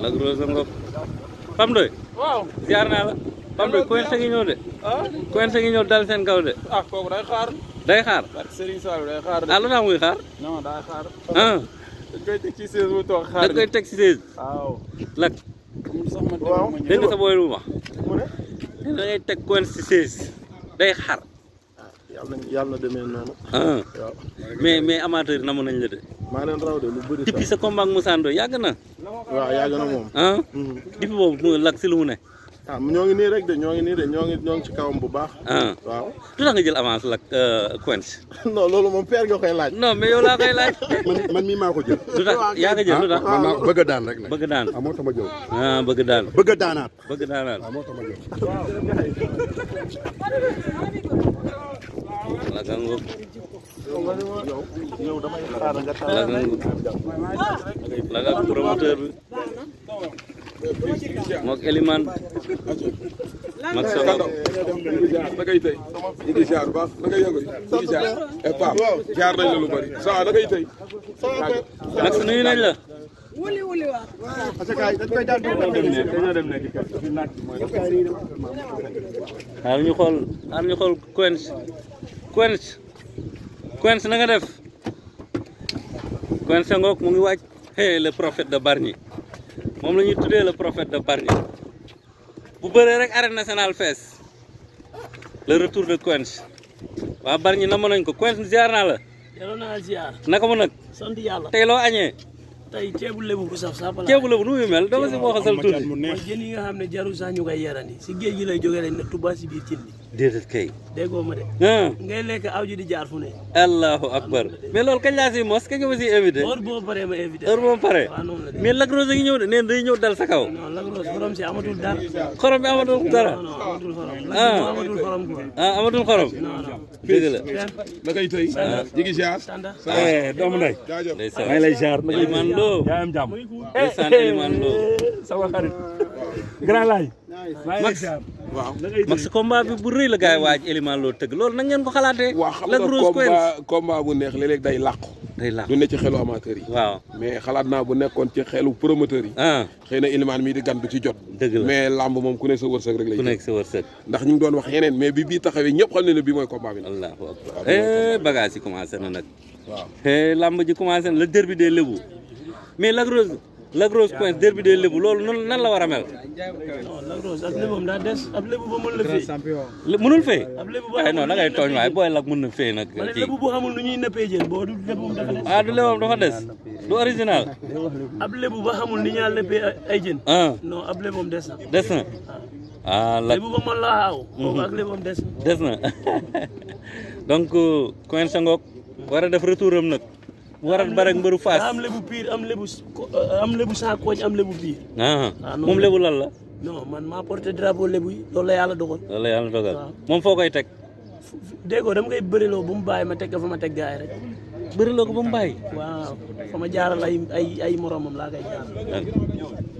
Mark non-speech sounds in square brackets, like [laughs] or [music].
Lac Rose Ngop Pam Doy. waaw naa la. Pam Doy Coense ngi ñëw de. ah Coense ngi ñëw dal seen kaw de. Ah, day xaar. day xaar. ak Serigne Sall day xaar de. ah lu tax muy xaar. non day ah. koy teg ci siège bu toog xaar. dañ koy sa booy lu ma. mu ne. nee na ngay day xaar. Ah, yàlla na yàlla na demee noonu. waaw mais nañ la de. maa leen raw sa combat ak Moussa Ndoye yàgg na. waaw na moom. ah. Mhm. depuis boobu lak si lu mu ne. ah ñoo ngi nii rek de ñoo ngi nii de ñoo ngi ci kawam bu baax. Ah. waaw lu tax nga jël avance lak euh, Quench. [laughs] non loolu moom père nga koy laaj. non mais yow laa koy laaj. [laughs] man man mii maa ko jël. lu tax yaa ko jël lu ah, bëgg daan rek nag. bëgg daan ah moo tax ah, bëgg daan bëgg daanaat. bëgg daanaat ah moo tax ma jël. la nga promoteur bi mook Eliman mak sama da ngay tey jaar baax da ngay yëngu ñu ngi jaar et pas jaar lu bari sa da ngay tey que dañ koy Kuen na nga def Quench ngoog ngi hey le prophète de barni moom le prophète de barni bu bëree rek arène nationale le retour de Quench waa Bargny namm nañ ko Quench ziar naa la. yàlla naa ziar. naka mu nag. sant yàlla tey loo añee. tey ceebu lebu bu saf saaf. lebu nu ya, mel dama si boo xasal tuuti. jën nga xam ne jarul ñu koy yarani si géej gi lay jógee rek ne tubaab biir déedéet kay. déggoo ma de. ngay lekk aw ji di jaar fu ne. allahu akbar mais loolu kañ laa si mos kañ nga ma si invité. heure boo paree ma invité. heure boo paree mais Lac Rose ngi ñëw de nee day ñëw dal sa kaw. non Lac Rose xorom si amatul dara. xorom bi amatul dara. non amatul xorom. ah amatul xorom quoi. ah amatul xorom. dëgg la. na koy tey. ñu ngi ziar. Eh, doomu ndey. jaajëf may lay ziar. Eliman Lo yaa am jàmm. Eh, ndeysaan Eliman Lo. Eh, sama xarit. grand laay. maa ngi lay ziar. waaw Max combat bi bu rëy la gaay waaj élément loolu tëgg loolu nag ngeen ko xalaatee. waaw xam nga combat bu neex léeg-léeg day làqu. du ne ci xelu amateur yi. mais xalaat naa bu nekkoon ci xelu promoteur yi. Ah. xëy na élément mii di gan du ci jot. dëgg la mais làmb moom ku nekk sa wërsëg rek lay. ku nekk sa wërsëg. ndax ñu ngi doon wax yeneen mais bi bii taxawee ñëpp xam nañ ne bii mooy combat bi. allah waaw eh, yi commencé na nag. waaw eh, làmb ji commencé na la bi des lébu mais Lac Rose Lac Rose Quench derby de lébu loolu nan nan la war a mel. non Lac Rose ak lébu daa des ab lébu ba mën la fee. mënul fee. ab lébu ba ay eh non da ngay tooñ waaye booy Lac mën na fee nag. kii lébu bu xamul lu ñuy nëppee jën boo du lébu dafa des. ah du lébu dafa des du original. ab lébu ba xamul ni ñaa nëppee ay jën. Ah. non ab lébu des na. des na ah, ah Lac lébu ba mën la xaaw. moom mm-hmm. ak lébu des na. des na [laughs] donc Quench euh, Sangok war a def retour am nag. waral barag mbëru faas am lebu piir am lebu eh, am lebu sans am lebu piir ah. ah, moom lebu lan la non man maa porté drapeau lebu yi loolu la yàlla dogal loolu la moom foo koy teg déggoo dama koy bëriloo bu mu bàyyi ma teg ko fa ma teg gaay rek bëriloo ko ba mu bàyyi fa ma jaaral ay ay ay moromam laa koy jaaral ah.